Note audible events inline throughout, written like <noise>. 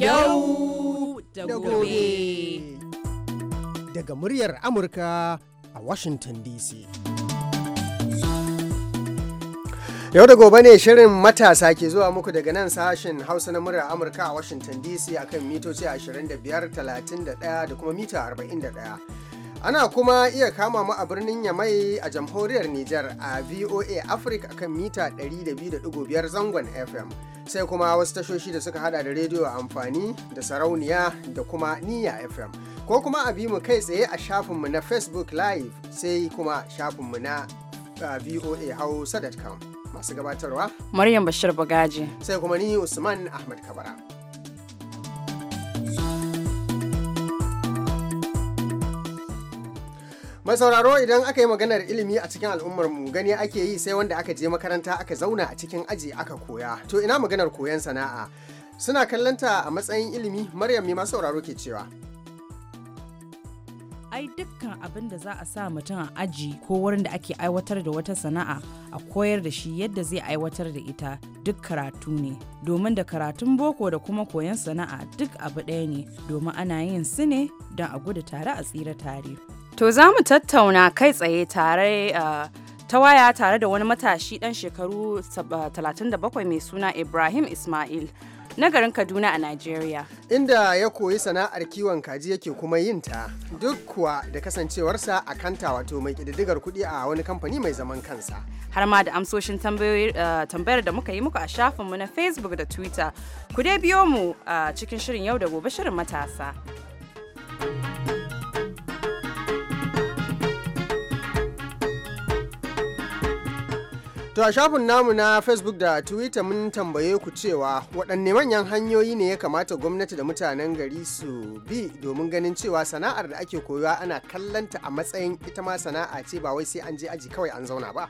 Yau da gobe. Daga muryar Amurka a Washington DC. Yau da gobe ne shirin matasa ke zuwa muku daga nan sashen Hausa na murar Amurka a Washington DC akan mitoci 25, 31 da kuma mita 41. Ana kuma iya kama mu a birnin Yamai a jamhuriyar Nijar a VOA Africa kan mita 102.5 zangon FM. Sai kuma wasu tashoshi da suka hada da rediyo amfani da sarauniya da kuma niya FM. Ko kuma a bi mu kai tsaye a shafinmu na Facebook Live sai kuma shafinmu na VOA Hausa.com. Masu gabatarwa. Maryam Bashir Bagaji. Sai kuma ni Usman Ahmad Kabara. masauraro idan aka yi maganar ilimi a cikin al'ummar mu gani ake yi sai wanda aka je makaranta aka zauna a cikin aji aka koya. To ina maganar koyon sana'a. Suna kallanta a matsayin ilimi Maryam mai masu sauraro ke cewa. ai dukkan abin da za a sa mutum a aji ko wurin da ake aiwatar da wata sana'a a koyar da shi yadda zai aiwatar da ita duk karatu ne domin da karatun boko da kuma koyon sana'a duk abu ɗaya ne domin ana yin su ne don a gudu tare a tsira tare To za mu tattauna kai tsaye tare ta waya tare da wani matashi ɗan shekaru 37 mai suna Ibrahim Ismail. na garin Kaduna a Najeriya. Inda ya koyi sana'ar kiwon kaji yake kuma yin ta duk kuwa da kasancewarsa a kanta wato mai ƙididdigar kuɗi a wani kamfani mai zaman kansa. Har ma da amsoshin tambayar da muka yi muku a shafinmu na Facebook da Twitter. Ku dai biyo mu cikin shirin yau da gobe shirin matasa. To a shafin namu na Facebook da Twitter mun tambaye ku cewa waɗanne manyan hanyoyi ne ya kamata gwamnati da mutanen gari su bi domin ganin cewa sana'ar da ake koyuwa ana kallanta a matsayin ita ma sana'a ce ba wai sai an je aji kawai an zauna ba.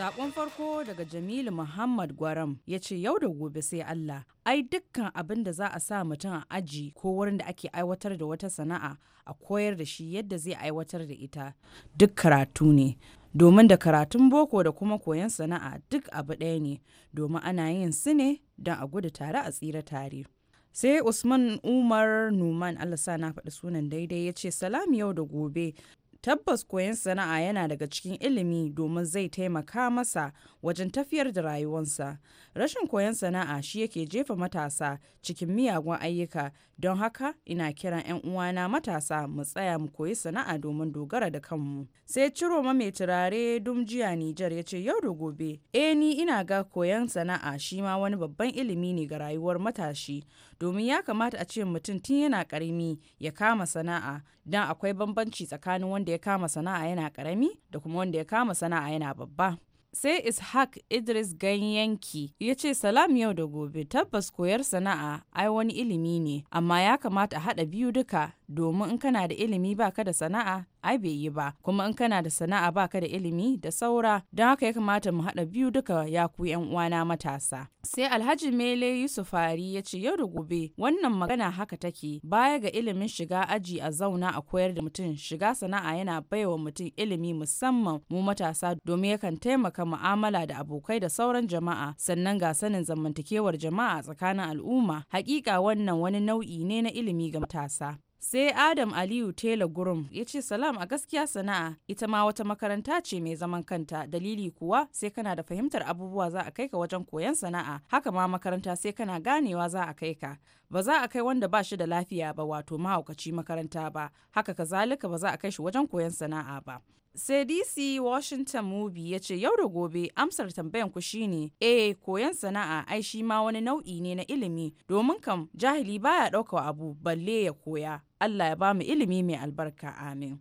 Sakon farko daga Jamilu Muhammad Gwaram ya ce yau da gobe sai Allah. Ai dukkan abin da za a sa mutum a aji ko wurin da ake aiwatar da wata sana'a a koyar da shi yadda zai aiwatar da ita duk karatu ne. Domin da karatun boko da kuma koyon sana'a duk abu ɗaya ne domin ana yin su ne don a gudu tare a tsira tare. sai usman umar numan allah na faɗi sunan daidai ya ce salam yau da gobe Tabbas koyon sana'a yana daga cikin ilimi domin zai taimaka masa wajen tafiyar da rayuwarsa. rashin koyon sana'a shi yake jefa matasa cikin miyagun ayyuka don haka ina kiran 'yan uwana matasa mu tsaya mu koyi sana'a domin dogara da kanmu sai ciro ma mai turare dumjiya nijar ya ce yau da gobe E, ni ina ga koyon sana'a shi ma wani babban ilimi ne ga rayuwar matashi domin ya kamata a ce mutum tun yana karami ya kama sana'a don akwai bambanci tsakanin wanda ya kama sana'a yana karami da kuma wanda ya kama sana'a yana babba sai ishaq idris ganyenki ya ce salam yau da gobe tabbas koyar sana'a ai wani ilimi ne amma ya kamata a haɗa biyu duka domin in kana da ilimi baka da sana'a ai bai yi ba kuma in kana da sana'a baka da ilimi da saura don haka ya kamata mu haɗa biyu duka ya ku yan uwana matasa sai alhaji mele yusufari ya ce yau da gobe wannan magana haka take baya ga ilimin shiga aji a zauna a koyar da mutum shiga sana'a yana baiwa mutum ilimi musamman mu matasa domin yakan taimaka mu'amala da abokai da sauran jama'a sannan ga sanin zamantakewar jama'a tsakanin al'umma hakika wannan wani nau'i ne na ilimi ga matasa sai adam aliyu tela gurum ya ce salam a gaskiya sana'a ita ma wata makaranta ce mai zaman kanta dalili kuwa sai kana da fahimtar abubuwa za a kai ka wajen koyon sana'a haka ma makaranta sai kana ganewa za a kai ka ba za a kai wanda ba shi da lafiya ba wato mahaukaci makaranta ba haka kazalika ba za a kai shi wajen koyon sana'a ba sai dc washington movie ya ce yau da gobe amsar tambayan ku shine eh koyan sana'a ai shi ma wani nau'i ne na ilimi domin kam jahili baya ɗaukar abu balle ya koya allah ya ba mu ilimi mai albarka amin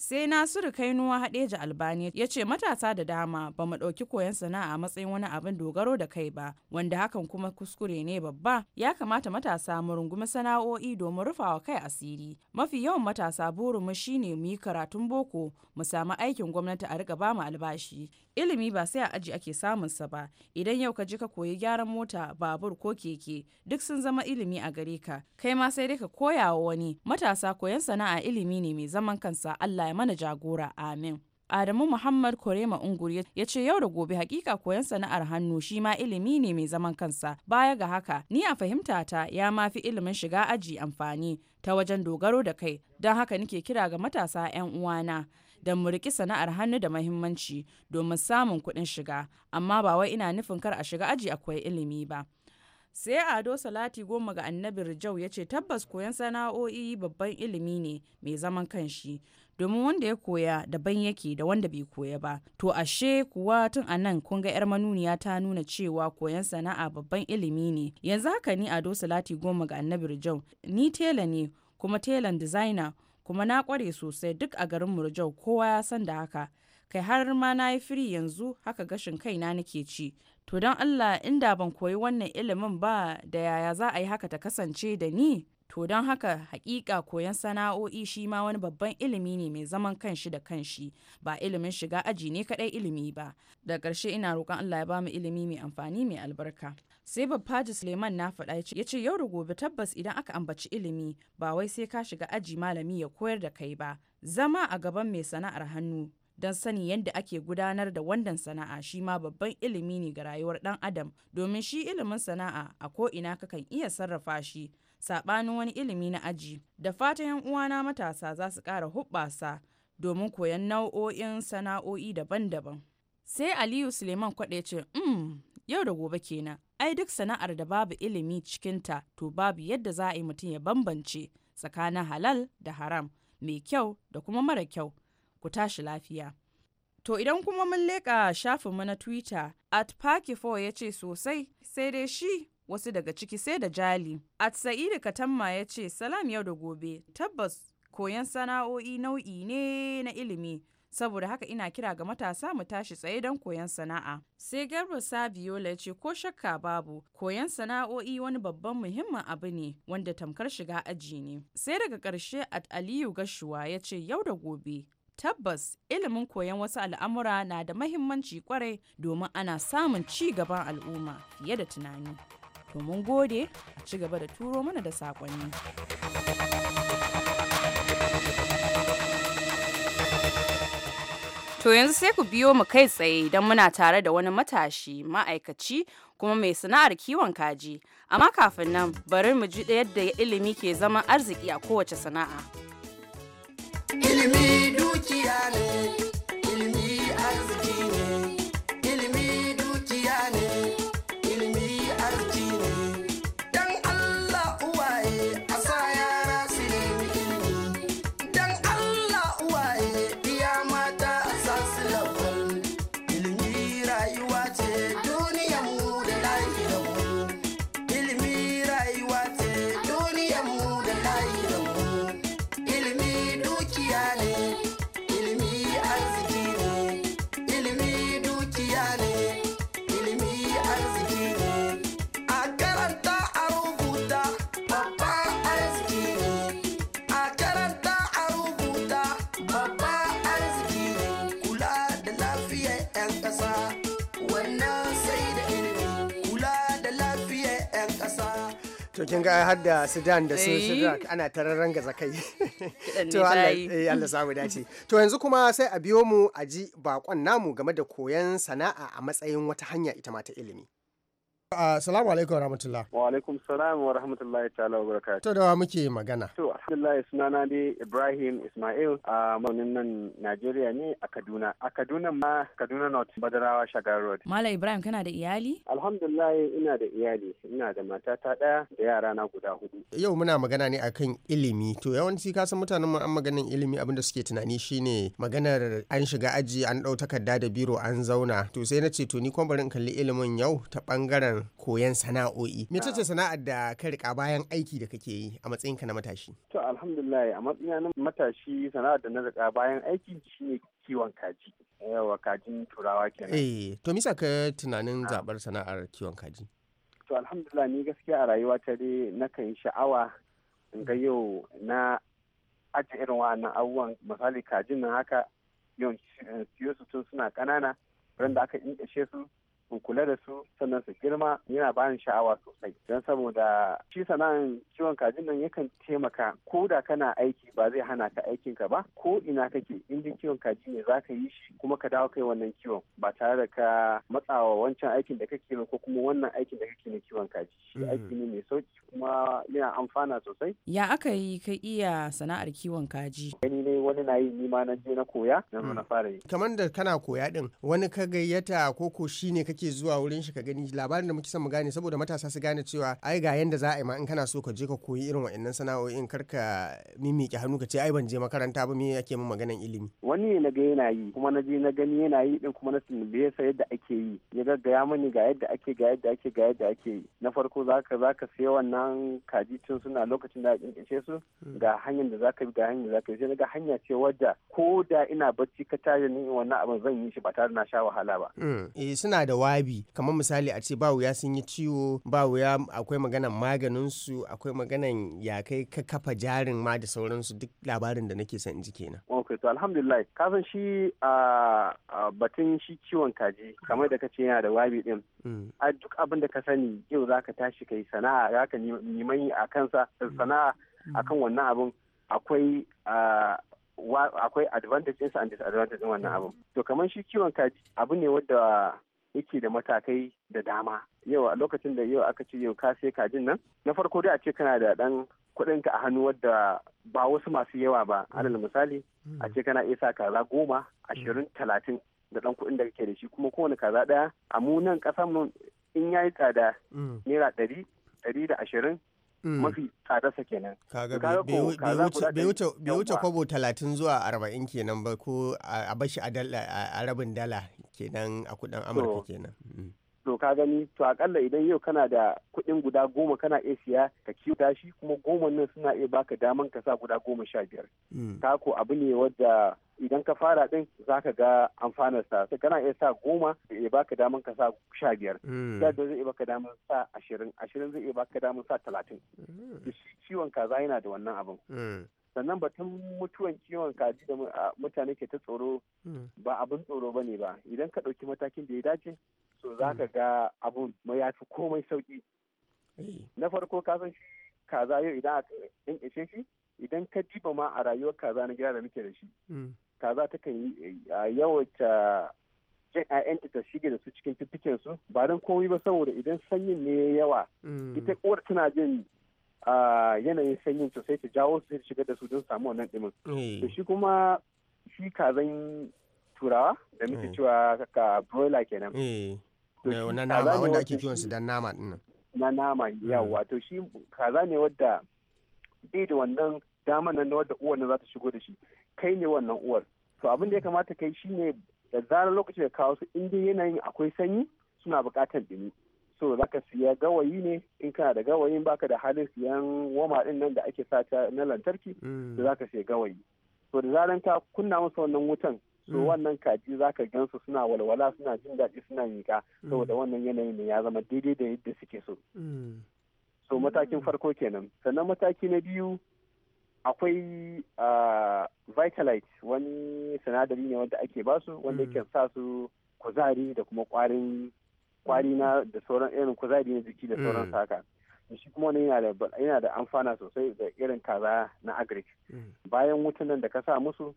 sai nasiru kainuwa haɗeja albani ya ce matasa da dama ba mu ɗauki koyon sana'a a matsayin wani abin dogaro da kai ba wanda hakan kuma kuskure ne babba ya kamata matasa mu rungumi sana'o'i domin rufawa kai asiri mafi yawan matasa burin mu shine mu yi karatun boko mu samu aikin gwamnati a riƙa bamu albashi ilimi ba sai a aji ake sa ba idan yau ka ji ka koyi gyaran mota babur ko keke duk sun zama ilimi a gare ka kai ma sai dai ka koya wa wani matasa koyon sana'a ilimi ne mai zaman kansa Allah ya mana jagora amin Adamu Muhammad Korema Ungur ya ce yau da gobe hakika koyon sana'ar hannu shi ma ilimi ne mai zaman kansa. Baya ga haka, ni a fahimtata ya ma fi ilimin shiga aji amfani ta wajen dogaro da kai. Don haka nike kira ga matasa 'yan uwana. Da mu riki sana'ar hannu da mahimmanci domin samun kuɗin shiga, amma ba wai ina nufin kar a shiga aji akwai ilimi ba. sai ado salati goma ga annabi rijau ya ce tabbas koyon sana'o'i babban ilimi ne mai zaman kanshi domin wanda ya koya daban yake da wanda bai koya ba to ashe kuwa tun a nan kun ga yar manuniya ta nuna cewa koyon sana'a babban ilimi ne yanzu haka ni ado salati goma ga annabi rijau ni tela ne kuma telan designer kuma na kware sosai duk a garin murjau kowa ya san da haka kai har ma na yi firi yanzu haka gashin kaina nake ci To don Allah inda ban koyi wannan ilimin ba da yaya za a yi haka ta kasance da ni? To don haka hakika koyon sana'o'i shi ma wani babban ilimi ne mai zaman kanshi da kanshi ba ilimin shiga aji ne kadai ilimi ba. Da karshe ina roƙon Allah ya mu ilimi mai amfani mai albarka. Sai Babbaji Suleiman na faɗa ya ce yau da gobe tabbas idan aka ambaci ilimi ba wai sai ka shiga aji malami ya koyar da kai ba. Zama a gaban mai sana'ar hannu don sani yadda ake gudanar da wannan sana'a shi ma babban ilimi ne ga rayuwar ɗan adam domin shi ilimin sana'a a ko ko'ina kakan iya sarrafa shi saɓanin wani ilimi na aji da fatan 'yan uwana matasa za su kara hubbasa domin koyan nau'o'in sana'o'i daban-daban sai aliyu suleiman kwaɗe ce mm, yau da gobe kenan ai duk sana'ar da babu ilimi cikinta to babu yadda za a yi mutum ya bambance tsakanin halal da haram mai kyau da kuma mara kyau ku tashi lafiya. To idan kuma mun leƙa shafinmu na Twitter, at Pakifo ya ce sosai, sai dai shi wasu daga ciki sai da jali. At Sa'idu Katamma ya ce salam yau da gobe, tabbas koyon sana'o'i nau'i ne na ilimi. Saboda haka ina kira ga matasa mu tashi tsaye don koyon sana'a. Sai Garba Sabiola ya ce ko shakka babu, koyon sana'o'i wani babban muhimmin abu ne wanda tamkar shiga aji ne. Sai daga ƙarshe at Aliyu Gashuwa ya ce yau da gobe, Tabbas ilimin koyon wasu al'amura na da mahimmanci kwarai domin ana samun ci gaban al'umma fiye da tunani. domin gode a ci gaba da turo mana da saƙonni. To yanzu sai ku biyo mu kai tsaye don muna tare da wani matashi ma'aikaci kuma mai sana'ar kiwon kaji. Amma kafin nan bari mu ji yadda ilimi ke zama arziki a kowace sana'a. Ilimi Gucci, honey. kin ga har da Sudan da su Sudan eh. ana tararren ga zakai. <laughs> To Allah eh, samu dace. To yanzu kuma sai a biyo mu a ji bakon namu game da koyan sana'a a matsayin wata hanya ita ma ta ilimi. Assalamu uh, alaikum wa rahmatullah. Wa alaikum salam wa rahmatullahi ta'ala wa barakatuh. To da muke magana. To alhamdulillah sunana ne Ibrahim Ismail a maunin nan Najeriya ne a Kaduna. A Kaduna ma Kaduna North Badarawa Shagar Road. Malam Ibrahim kana da iyali? Alhamdulillah ina da iyali. Ina da mata ta daya da yara na guda hudu. Yau muna magana ne akan ilimi. To yawanci ka san mutanen mu an maganin ilimi abin da suke tunani shine maganar an shiga aji an dau takarda da biro an zauna. To sai na ce to ni kuma bari in kalli ilimin yau ta bangaren Koyan koyon sana'o'i mecece sana'ar da ka rika bayan aiki da kake yi a matsayinka na matashi to alhamdulillah a matsayina na matashi sana'ar da na rika bayan aiki shine kiwon kaji yawa kajin turawa kenan eh to misa ka tunanin zabar sana'ar kiwon kaji to alhamdulillah ni gaskiya a rayuwa ta dai nakan sha'awa in ga yau na aje irin wa'annan abubuwan misali kajin nan haka yawan eh, siyo su tun suna ƙanana ran da aka indashe su in kula da su sannan su girma yana ba ni sha'awa sosai don saboda shi sana'an kiwon kajin nan yakan taimaka ko da kana aiki ba zai hana ka aikin ka ba ko ina kake in dai kiwon kaji ne za ka yi shi kuma ka dawo kai wannan kiwon ba tare da ka matsawa wancan aikin da kake ko kuma wannan aikin da kake na kiwon kaji shi hmm. aiki ne mai sauki kuma yana amfana sosai ya aka yi ka iya sana'ar kiwon kaji gani ne wani na yi ni ma na je na koya na hmm. fara yi kamar da kana koya din wani ka gayyata ko ko shine kake kake zuwa wurin shi ka gani labarin da muke son mu gane saboda matasa su gane cewa ai ga yanda za a yi ma in kana so ka je ka koyi irin wa'annan sana'o'in kar ka mimike hannu ka ce ai ban je makaranta ba me yake min maganan ilimi wani ne na ga yana yi kuma na je na gani yana yi din kuma na tambaye sa yadda ake yi ya gaggaya mani ga yadda ake ga yadda ake ga yadda ake yi na farko zaka zaka sayi wannan kaji tun suna lokacin da ce su hmm. ga hanyar da zaka bi ga hanyar da zaka bi sai na ga hanya ce wadda ko da ina bacci ka tare ni wannan abin zan yi shi ba tare na sha wahala ba hmm. eh suna da jawabi kamar misali a ce ba wuya sun yi ciwo ba wuya akwai maganan maganin su akwai maganan ya kai ka kafa jarin ma da sauransu duk labarin da nake san ji kenan ok to alhamdulillah ka san shi a batun shi ciwon kaji kamar da kace yana da wabi din mm. a duk abin da ka sani yau zaka tashi kai sana'a zaka neman a kansa sana'a mm. akan wannan abin akwai akwai advantage and disadvantage wannan mm. abin to kamar shi kiwon kaji abu ne wadda yake da matakai da dama yau a lokacin da yau aka ce yau ka sai kajin nan na farko dai a ce kana da dan kuɗinka a hannu wadda ba wasu masu yawa ba alal misali a ce kana iya sa kaza goma ashirin talatin da dan kuɗin da kake da shi kuma kowane kaza ɗaya a mu nan ƙasar mu in yayi tsada mm. naira ɗari ɗari da ashirin Mm. mafi tsadarsa kenan bai wuce kwabo talatin zuwa arba'in kenan ba ko a bashi a rabin dala kenan a kudin amurka kenan mm. to ka gani to akalla idan yau kana da kuɗin guda goma kana iya siya ka kiwata shi kuma goma nan suna iya baka daman ka sa guda goma sha biyar ka hmm. ko abu ne wadda idan ka fara din za ka ga amfanarsa sai kana iya sa goma ya baka daman ka sa sha biyar hmm. yadda zai iya baka daman sa ashirin ashirin zai iya baka daman sa talatin hmm. ciwon kaza yana da wannan abin sannan batun mutuwan kiwon kaji da mutane ke ta tsoro hmm. ba abin tsoro ba ne ba idan ka ɗauki matakin da ya dace so za hmm. ka ga abun ma ya fi komai sauki eh. na farko ka san shi kaza yau idan in ishe shi idan ka diba ma a rayuwar kaza na gida da muke da shi hmm. kaza ta kan yawata jin ‘ya'yanta ta shige da su cikin fiffiken su ba don komai ba saboda idan sanyin ne yawa ita uwar tana jin yanayin sanyin sosai ta jawo su sai shiga da su don samu wannan dimin eh. To shi kuma shi kazan turawa da muke mm. cewa ka broiler kenan. Eh. Na nama wanda ake kiwon su dan nama din Na nama yawa to shi kaza ne wadda bai da wannan daman nan wadda uwar nan za ta shigo da shi kai ne wannan uwar. To abin da ya kamata kai shine da zarar lokacin da kawo su in dai yanayin akwai sanyi suna buƙatar dimi so za ka siya gawayi ne in kana da gawayin baka da halin siyan woma din nan da ake sata na lantarki da mm. za ka siya gawayi so da zaran ka kunna musu wannan wutan so mm. wannan kaji za ka gansu suna walwala suna jin daɗi suna miƙa mm. saboda wannan yanayin ne ya zama daidai da yadda suke so so matakin farko kenan sannan mataki na biyu akwai vitalite wani sinadari ne wanda ake basu wanda yake sa su kuzari da kuma kwarin kwari na da sauran irin kuzari na jiki da mm. sauran haka shi kuma wani yana da amfana sosai da irin kaza na agric mm. bayan nan da ka sa musu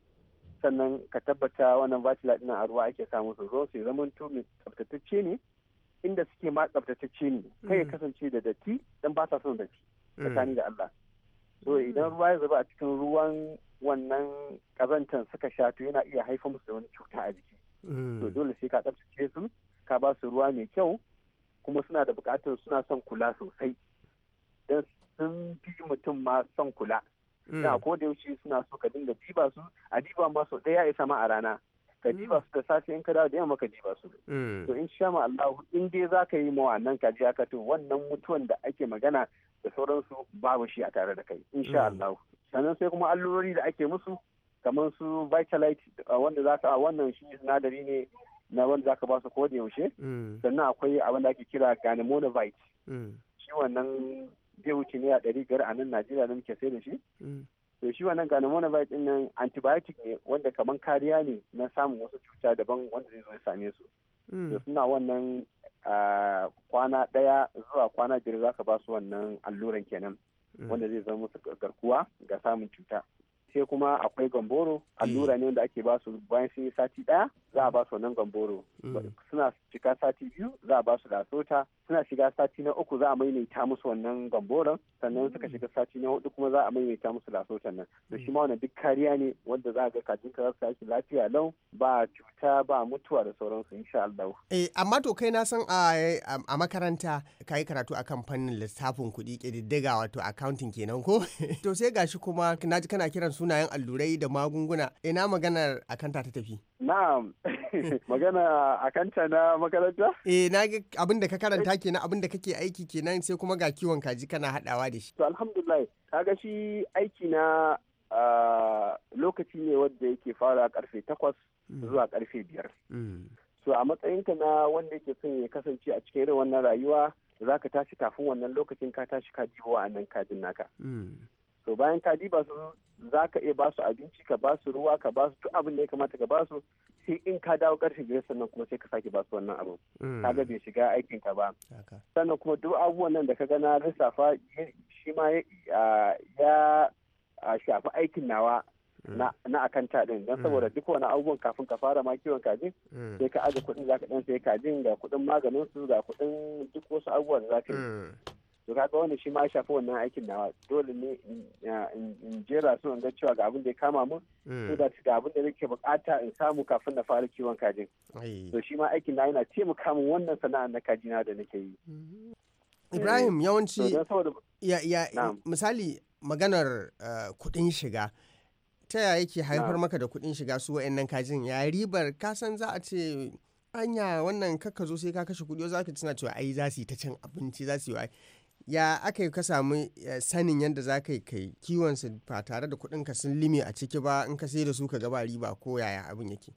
sannan ka tabbata wannan batila ɗin a ruwa ake sa musu ruwan su zaman to mai tsaftatacce ne inda suke ma tsaftatacce ne mm. kai ya kasance da datti dan ba sa son datti tsakani da Allah so idan ruwa ya zuba a cikin ruwan wannan kazantan suka sha to yana iya haifar musu da wani cuta a jiki to dole sai ka tsaftace su ka ba su ruwa mai kyau kuma suna da bukatar suna son kula sosai don sun fi mutum ma son kula na mm. ko da yaushe suna so ka dinga diba su a diba ba su ɗaya isa ma a rana ka mm. diba su da safe in ka dawo da yamma ka diba su mm. to in sha Allah in dai za ka yi ma wannan ka ji haka wannan mutuwan da ake magana da sauransu babu shi a tare da kai in sha Allah sannan sai kuma allurori da ake musu kamar su vitalite wanda za ka wannan shi sinadari ne na wanda zaka ba su ko da yaushe mm. sannan akwai abin da ake kira ganymonovite mm. shi wannan zai wuce ne a ɗari biyar a nan najeriya na muke sai da shi mm. to shi wannan ganymonovite din nan antibiotic ne wanda kamar kariya ne na samun wasu cuta daban wanda zai zo ya same su to suna wannan kwana ɗaya zuwa kwana biyar zaka ba su wannan alluran kenan wanda zai zama musu garkuwa ga samun cuta sai kuma akwai gamboro allura mm. ne wanda ake ba su bayan sun yi sati ɗaya za a ba su wannan gamboro mm. suna cika sati biyu za a ba su lasota suna shiga sati na uku za a maimaita musu wannan gamboran sannan suka shiga sati na hudu kuma za a maimaita musu lasotan nan to shi ma wannan duk kariya ne wanda za a ga kajin ka za su lafiya lau ba cuta ba mutuwa da sauransu insha Allah. Eh amma to kai na san a makaranta ka karatu akan fannin lissafin kuɗi ƙididdiga wato accounting kenan ko <laughs> to sai gashi kuma na ji kana kiran sunayen allurai da magunguna ina maganar akanta ta tafi. Na'am <laughs> magana akanta na makaranta? Eh na abin da ka karanta ma'ana kenan abin da kake aiki kenan sai kuma ga kiwon kaji kana haɗawa da shi. To alhamdulillah kaga shi aiki na lokaci ne wanda yake fara karfe takwas mm. zuwa karfe biyar. Mm. So a matsayinka na wanda yake son ya kasance a cikin irin wannan rayuwa za ka tashi kafin wannan lokacin ka tashi ka jiwo a nan kajin naka. Mm. to bayan ka diba su za ka iya ba su abinci ka ba su ruwa ka ba su duk abin da ya kamata ka ba su sai in ka dawo karshe gare sannan kuma sai ka sake ba su wannan abin mm. ga bai shiga aikin ka ba sannan kuma duk abubuwan nan da ka gana lissafa shi ma ya shafi aikin nawa mm. na akan din don mm. saboda duk wani abubuwan kafin ka fara ma kiwon kajin sai ka aje kuɗin za ka ɗan sai kajin ga kuɗin maganin su ga kuɗin duk wasu abubuwan za ka yi to kaga wanda shi ma ya shafi wannan aikin nawa dole ne in jera su in ga cewa ga abin da ya kama mun mm. so da ga abin da nake bukata in samu kafin na fara kiwon kajin to shi ma aikin na yana taimaka min wannan sana'a na kajina da nake yi mm-hmm. Ibrahim eh, yawanci misali maganar eh, kudin shiga ta yaya yake haifar maka da kudin shiga su nan kajin ya ribar kasan za a ce anya wannan kakka zo sai ka kashe kuɗi za ka tuna cewa ai za su yi ta cin abinci za su yi ya aka yi ka samu sanin yadda za ka yi kai kiwon su ba tare da kuɗin ka sun limi a ciki ba in ka sai da su ka gaba riba ko yaya abin yake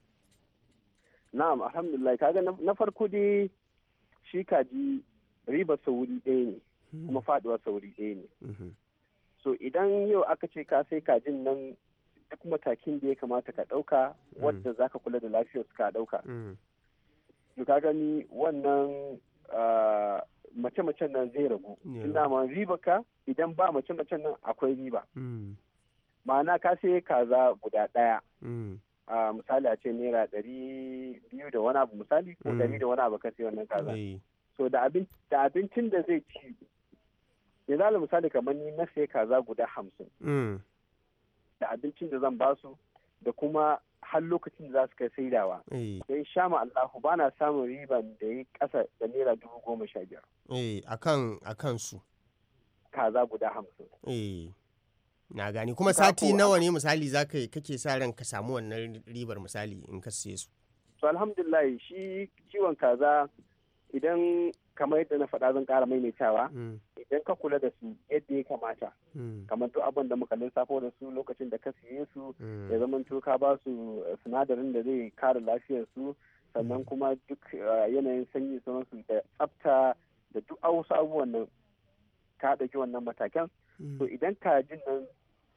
na'am alhamdulillah kaga na farko dai shi kaji riba sauri ɗaya ne kuma hmm. faduwa sauri ɗaya ne mm-hmm. so idan yau aka ce ka sai kajin nan duk matakin da ya kamata ka ɗauka mm. wadda za ka kula da lafiyarsu ka ɗauka mm. ka gani wannan mace-macen nan zai ragu. Ina ma riba ka idan ba mace-macen nan akwai riba. Hmm. Ma'ana ka sai kaza guda ɗaya. Hmm. misali a ce naira ɗari biyu da wani abu misali ko hmm. ɗari da wani abu ka sai wannan kaza. Eh. So da abincin da zai ci yanzu misali kamar ni na sai kaza guda hamsin. Da abincin da zan basu da kuma har lokacin da za su kai saidawa eh. sai sha ma Allahu ba na samun riban da ya ƙasa da naira dubu goma sha biyar. Eh a kan su. Kaza guda hamsin. Eh, na gani kuma sati nawa ne misali za ka kake sa ran ka samu wannan ribar misali in ka siye su. To alhamdulillah shi kiwon kaza idan kamar yadda na faɗa zan ƙara maimaitawa mm. idan ka kula da su yadda ya kamata mm. kamar duk abin da muka lissafo da su lokacin da ka siye su mm. ya zama ka ba su eh, sinadarin da zai kare lafiyar su sannan kuma duk eh, yanayin sanyi su da tsafta da duk wasu abubuwan nan ka ɗauki wannan matakan to idan ka jin nan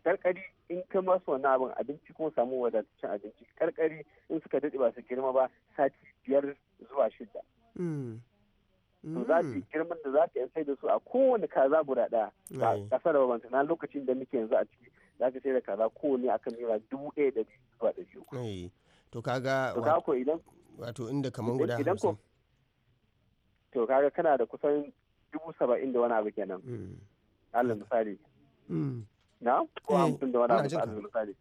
karkari in ka masu wannan abin abinci ko samu wadataccen abinci karkari in suka daɗe ba su girma ba sati biyar zuwa shida to za su mm. girman da za ka sai da su a kowane kaza guda ɗaya a ƙasar babanta na lokacin da muke yanzu a ciki za ka sai da kaza kowane akan nera dubu ɗaya da biyu zuwa da biyu. to kaga wato idan wato inda kaman guda hamsin. to kaga kana da kusan dubu saba'in da wani abu kenan. Mm. alal misali. Mm. na ko eh, hamsin da wani abu alal misali.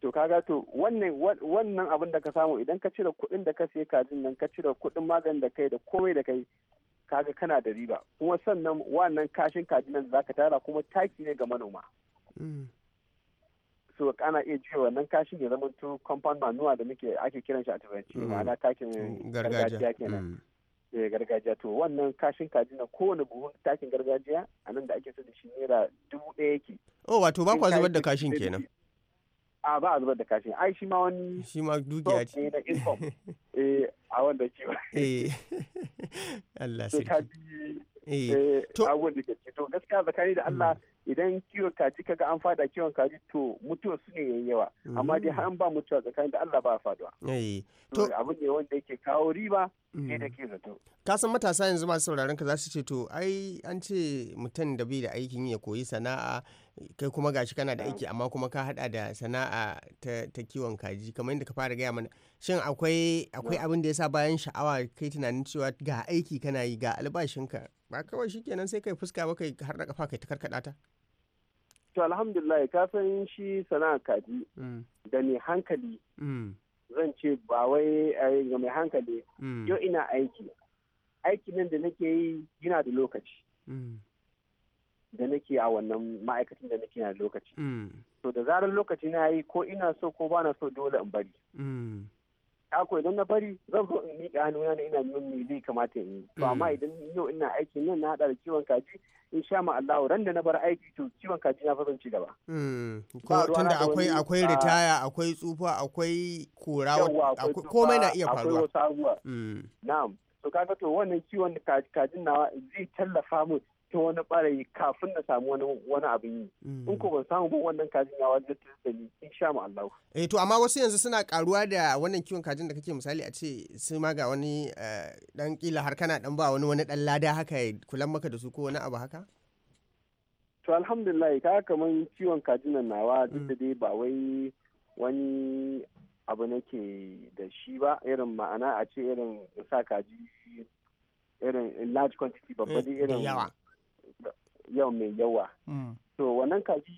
to kaga to wannan wannan abin da ka samu idan ka cire kuɗin da ka siya kajin nan ka cire kuɗin maganin da kai da komai da kai kaga kana da riba kuma sannan wannan kashin kajinan za ka tara kuma taki ne ga manoma mm. so kana iya cewa wannan kashin ya zama to compound manure da muke ake kiran shi a turanci mm. ma'ana takin mm, gargajiya kenan eh, gargajiya to wannan kashin kaji na kowane buhun takin gargajiya a nan da ake so da shi naira dubu ɗaya yake. Oh wato ba kwa zubar da kashin kenan. a ba a zubar da kashi, ai shi ma wani shi ma dukiya ce na inform <laughs> eh a wanda ke eh <laughs> Allah sai Eh, eh, abubuwan da ke to gaskiya zakari da Allah mm. idan kiwon kaji kaga an fada kiwon kaji to mutuwa su ne yayi yawa mm. amma dai har an ba mutuwa tsakanin da Allah ba faduwa eh, to abin ne wanda yake kawo riba mm. ne da ke zato ka san matasa yanzu masu sauraron ka za su ce to ai an ce mutum da bai da aikin ya koyi sana'a kai kuma gashi kana da aiki amma kuma ka hada da sana'a ta kiwon kaji kamar yadda ka fara gaya mana shin akwai akwai abin da yasa bayan sha'awa kai tunanin cewa ga aiki kana yi ga albashinka ba kawai shikenan sai kai fuska ba kai har da kafa kai ta karkada ta to alhamdulillah ka san shi sana'a kaji mm. da mai hankali mm. zan ce ba wai eh, ga mai hankali mm. yau ina aiki aikin nan da nake yi yana da lokaci da nake a wannan ma'aikacin da nake na lokaci. To da zarar lokaci na yi ko ina so ko bana so dole in bari. ko idan na bari zan zo in miƙa hannuna na ina neman me zai kamata in yi to hmm. amma idan yau ina aiki, nan na haɗa da kiwon kaji in sha ma Allah ran da na bar aiki to kiwon kaji na fara ci gaba hmm. ko tunda akwai akwai ah, ritaya akwai tsufa akwai kora komai na iya faruwa akwai wasu abubuwa hmm. na'am to kaga to wannan kiwon kajin nawa zai tallafa mu ta wani barayi kafin na samu wani abin yi mm. in ko ban samu ba wannan kajin ya wajen da in sha mu Allah eh to amma wasu yanzu suna karuwa da wannan kiwon kajin da kake misali a ce sai ma ga wani dan eh, kila har kana dan ba wani wani dan lada haka ya kulan maka da su ko wani abu haka to alhamdulillah ka kaman kiwon kajinan nawa duk da mm. ba wai wani abu nake da shi ba irin ma'ana a ce irin sa kaji irin large quantity babba eh, irin yau mai yawa mm. to wannan kaji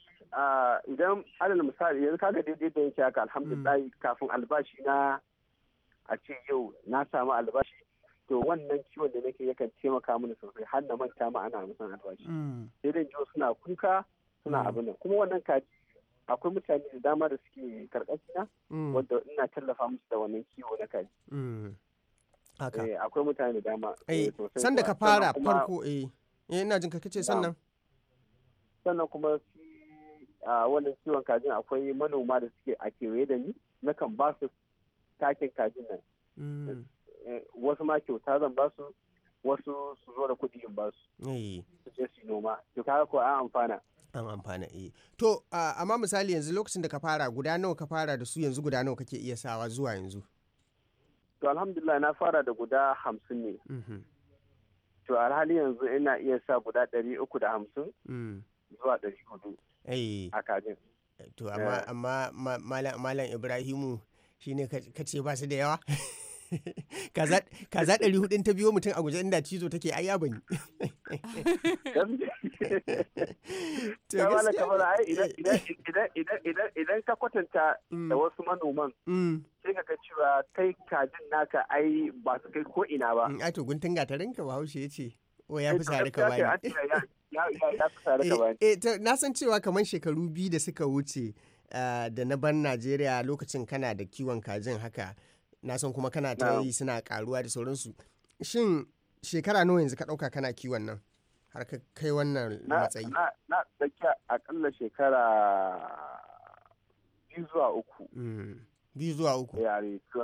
idan adana misali yanzu kaga daidai da yake haka alhamdulillah mm. kafin albashi na a ce yau na samu albashi to wannan ciwon da nake yakan taimaka mini sosai har na manta ma ana musan albashi mm. sai dai jiwo suna kuka suna abin kuma wannan kaji akwai mutane da dama da suke karkashina wanda ina tallafa musu da wannan kiwo na kaji eh, akwai mutane da dama eh, eh, sanda ka fara farko eh eh ina jin ka kace sannan sannan kuma a wannan ciwon kajin akwai manoma da suke a kewaye da ni na kan ba su takin kajin nan mm. eh, wasu ma kyauta zan ba su wasu su zo da kuɗi in ba su eh. su je su noma to ka ko an amfana an amfana eh to amma misali yanzu lokacin da ka fara guda nawa ka fara da su yanzu guda nawa kake iya sawa zuwa yanzu to alhamdulillah na fara da guda hamsin ne mhm. to a hali yanzu ina iya sa guda ɗari uku da hamsin mm. zuwa ɗari hudu a kajin to amma eh. malam ibrahimu shine ka ce ba su da yawa <laughs> <laughs> kaza ɗari hudun ta biyo mutum a guje inda cizo take ai ya bani idan ka kwatanta mm. da wasu manoman mm. sai ka cewa kai kajin naka ai ba su kai ko ina ba mm, a to guntun gatarinka ba haushe ya ce eh, o ya fi sare ka eh, bani eh, na san cewa kamar shekaru biyu da suka wuce ah, da na bar najeriya lokacin kana da kiwon kajin haka na san kuma kana ta yi suna karuwa da sauransu shin shekara nawa yanzu ka ɗauka kana kiwon nan har ka kai wannan matsayi na tsakiya akalla shekara biyu zuwa uku mm, biyu zuwa uku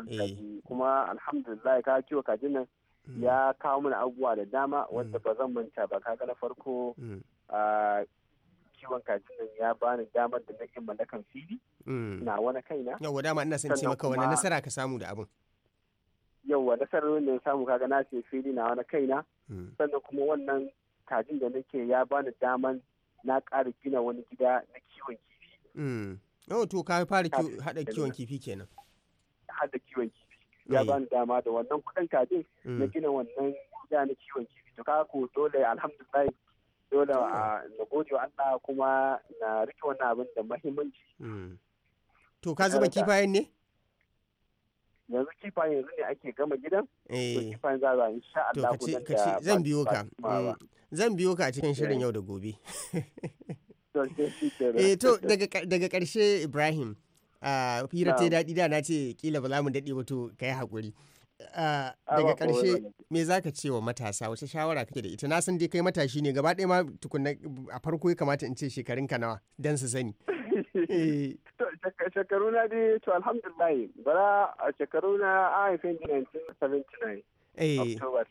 eh. kuma alhamdulillah ka kiwo kaji nan mm. ya kawo mana abubuwa da dama mm. wanda ba zan manta ba kaga na farko ah, kiwon kajin nan ya bani damar da nake mallakan fili mm. na wani kaina Yau dama ina son ce maka wani nasara ka samu da abin wa nasarorin da samu kaga na ce fili na wani kaina mm. sannan kuma wannan kajin da nake ya bani damar na ƙara gina wani gida na kiwon kifi mm. Oh, to ka fara haɗa kiwon kifi kenan. Haɗa kiwon kifi. Ya bani dama da wannan kuɗin kajin na gina wannan gida na kiwon kifi. To ka ko dole alhamdulillah dole a na gode wa Allah kuma na rike wannan abin da mahimmanci. Mm. To ka zuba kifayen ne? Yanzu kifayen yanzu ne ake gama gidan? Eh. Kifayen za a insha Allah ko da eh, zan biyo ka. Zan biyo ka cikin shirin eh. yau da gobe. <laughs> Eh to daga ƙarshe Ibrahim. Uh, ah, fira ta yi daɗi da na ce kila ba za mu daɗe ba to ka yi haƙuri. daga karshe me za ka ce wa matasa wace shawara kake da ita na san dai kai matashi ne gaba ɗaya ma tukunna a farko ya kamata in ce shekarun ka nawa dan su sani eh. <laughs> shekaru na dai to alhamdulillah bara shekaru na a haifin 1979 eh. October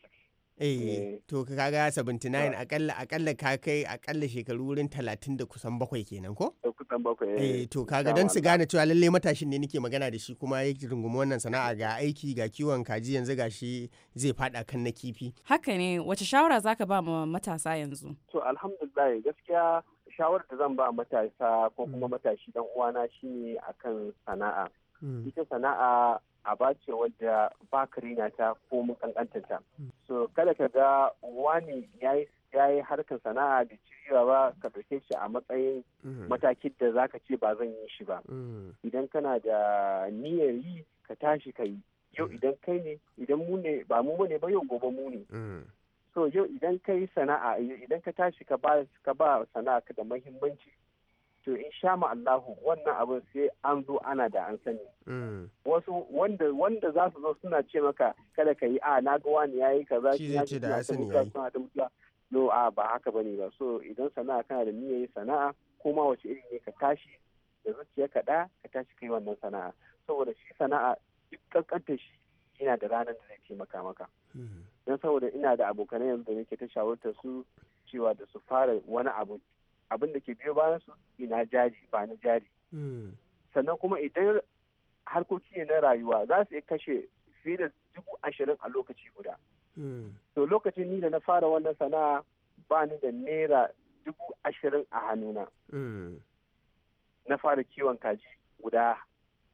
Eh, eh to ka kaga 79 akalla akalla ka kai akalla shekaru wurin 30 da kusan bakwai kenan ko kusan bakwai eh, eh to kaga don su gane cewa lalle matashin ne nake magana da shi kuma yake rungumi wannan sana'a ga aiki ga kiwon kaji yanzu gashi zai fada kan na kifi haka ne wace shawara zaka ba ma matasa yanzu to alhamdulillah gaskiya shawarar da zan ba matasa ko kuma mm. matashi dan uwana shine akan sana'a mm. ita sana'a aba ce wadda ba karina ta ko makankantanta. Hmm. So kada ka ga wani ya yi harkar sana'a da cirewa ba ka ɗauke shi a matsayin hmm. matakin da zaka ce ba zan yi shi ba hmm. idan kana da niyyar yi ka tashi ka yi yau idan kai ne idan mu ne ba mu ne ba yau gobe mu ne so yau idan yi sana'a idan ka tashi ka ba ka ba sana'a ka da muhimmanci to in sha Allahu wannan abin sai an zo ana da an sani. Mm. Wasu wanda wanda za su zo suna ce maka kada ka yi a ah, na ga wani yayi kaza shi zai ce da ya yi No a ba haka ba ne ba so idan sana'a kana da niyyar sana'a ko ma wace irin ne ka tashi da zuciya ka da ka tashi kai wannan sana'a saboda shi sana'a duk kankantar shi yana da ranar da zai taimaka maka. Mm. Don saboda ina da abokanai yanzu da nake ta shawartar su cewa da su fara wani abu abin da ke biyo bayan su ina jari ba na jari hmm. sannan kuma idan harkoki ne na rayuwa za su iya kashe fiye da dubu ashirin a lokaci guda hmm. to lokacin ni da na fara wannan sana'a ba ni da naira dubu ashirin a hannuna hmm. na fara kiwon kaji guda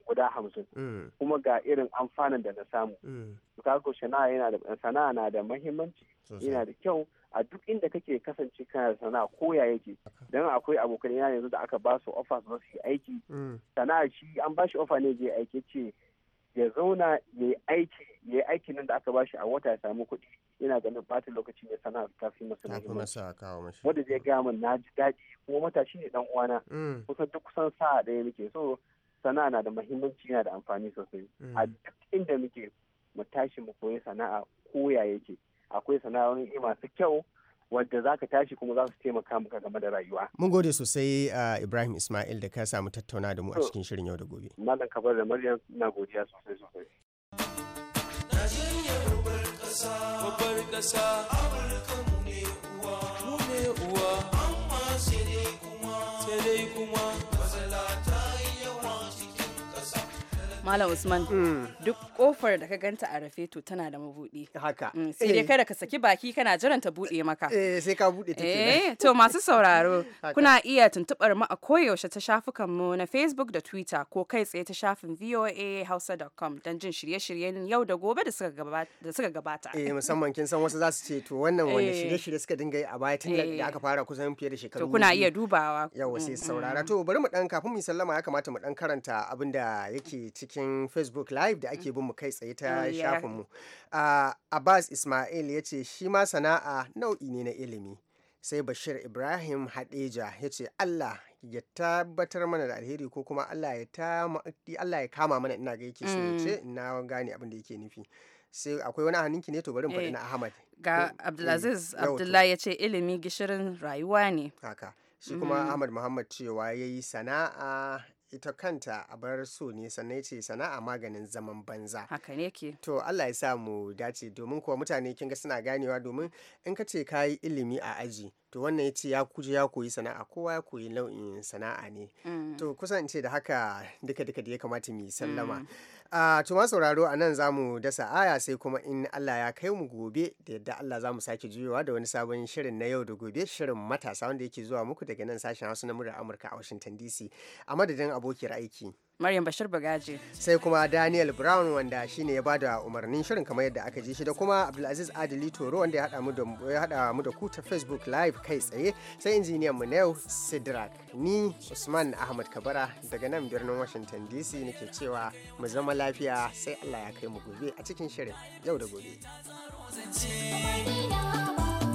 guda hamsin kuma ga irin amfanin da na samu kaga sana'a yana da sana'a na da mahimmanci yana da kyau a duk inda kake kasance kana sana'a ko ya yake don akwai abokan yana yanzu da aka ba su ofa su yi aiki mm. sana'a shi an ba shi ofa ne je aiki ce ya zauna ya yi aiki ya yi aikin nan da aka ba shi a wata ya samu kuɗi yana ganin ɓata lokaci ne sana'a ta fi masa muhimmanci wanda zai gaya min na ji daɗi kuma matashi ne dan uwana mm. kusan duk kusan sa'a ɗaya muke so sana'a na da muhimmanci yana da amfani sosai mm. a duk inda muke mu tashi mu koyi sana'a koya ya yake akwai sana'o'i masu kyau wadda za ka tashi kuma za su taimaka maka game da rayuwa. Mun gode sosai a uh, Ibrahim Ismail da ka samu tattauna da mu a cikin shirin yau da gobe. Malam Kabar da Maryam na godiya sosai sosai. Najeriya babbar Malam Usman mm. duk kofar da ka ganta a rufe to tana da mabuɗi. Haka. Mm, sai dai eh. kada ka saki baki kana jiran ta buɗe maka. Eh sai ka buɗe ta Eh to masu sauraro kuna iya tuntuɓar mu a koyaushe ta shafukan mu na Facebook da Twitter ko kai tsaye ta shafin voahausa.com don jin shirye-shiryen yau da gobe da suka gabata. Eh musamman kin san wasu za su ce to wannan wanda eh. shirye-shirye suka dinga yi a baya tun da eh. aka fara kusan fiye da shekaru. To kuna iya dubawa. Yawa sai mm, saurara to bari mu dan kafin mu sallama ya kamata mu dan karanta abin da yake cikin lokacin facebook live da ake mm. bin mu kai tsaye ta shafinmu abbas ismail ya ce shi ma sana'a nau'i ne na ilimi sai bashir ibrahim hadeja ya ce allah ya tabbatar mana da alheri ko kuma allah ya kama mana ina ga yake so ce mm. na gane abin da yake nufi sai akwai wani hannunki ne to bari faɗi eh, na ahmad ga eh, abdulaziz eh, abdullahi ya ce ilimi gishirin rayuwa ne haka shi kuma mm. ahmad muhammad cewa ya yi sana'a ita kanta a bar so ne sannan ce sana'a maganin zaman banza haka ne ke to Allah ya sa mu dace domin kuwa mutane kinga suna ganewa domin in ka ce kayi ilimi a aji to wannan ya ce ya kuje ya koyi sana'a kowa ya koyi nau'in sana'a ne mm. to kusan ce da haka duka duka da ya kamata mu sallama mm. a to ma sauraro a nan zamu dasa aya sai kuma in Allah ya kai mu gobe da yadda Allah zamu sake juyowa da wani sabon shirin na yau da gobe shirin matasa wanda yake zuwa muku daga nan sashen Hausa na murar Amurka a Washington DC a madadin abokiyar aiki Maryam Bashir Bagaji. Sai kuma Daniel Brown wanda shine ya bada umarnin shirin kamar yadda aka ji shi da kuma Abdulaziz Adili Toro wanda ya hada mu da ku ta Facebook Live kai tsaye sai injiniyan mu Neo Sidrak. Ni Usman Ahmad Kabara daga nan birnin Washington DC nake cewa mu zama lafiya sai Allah ya kai mu gobe a cikin shirin yau da gobe.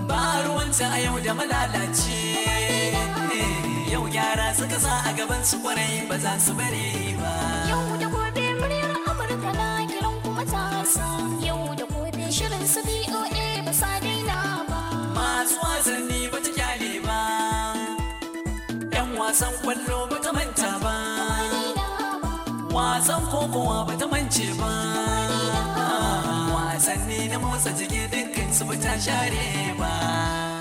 ba ruwanta a yau da malalace yau gyara suka sa a gaban su kwarai ba za su bari ba yau da gobe muryar amurka na kiran kuma tasa yau da gobe shirin su boa ba sa daina ba masu wasanni ba ta kyale ba yan wasan kwallo ba ta manta ba wasan kokowa ba ta mance ba motsa jiki dinkin su ba ta share ba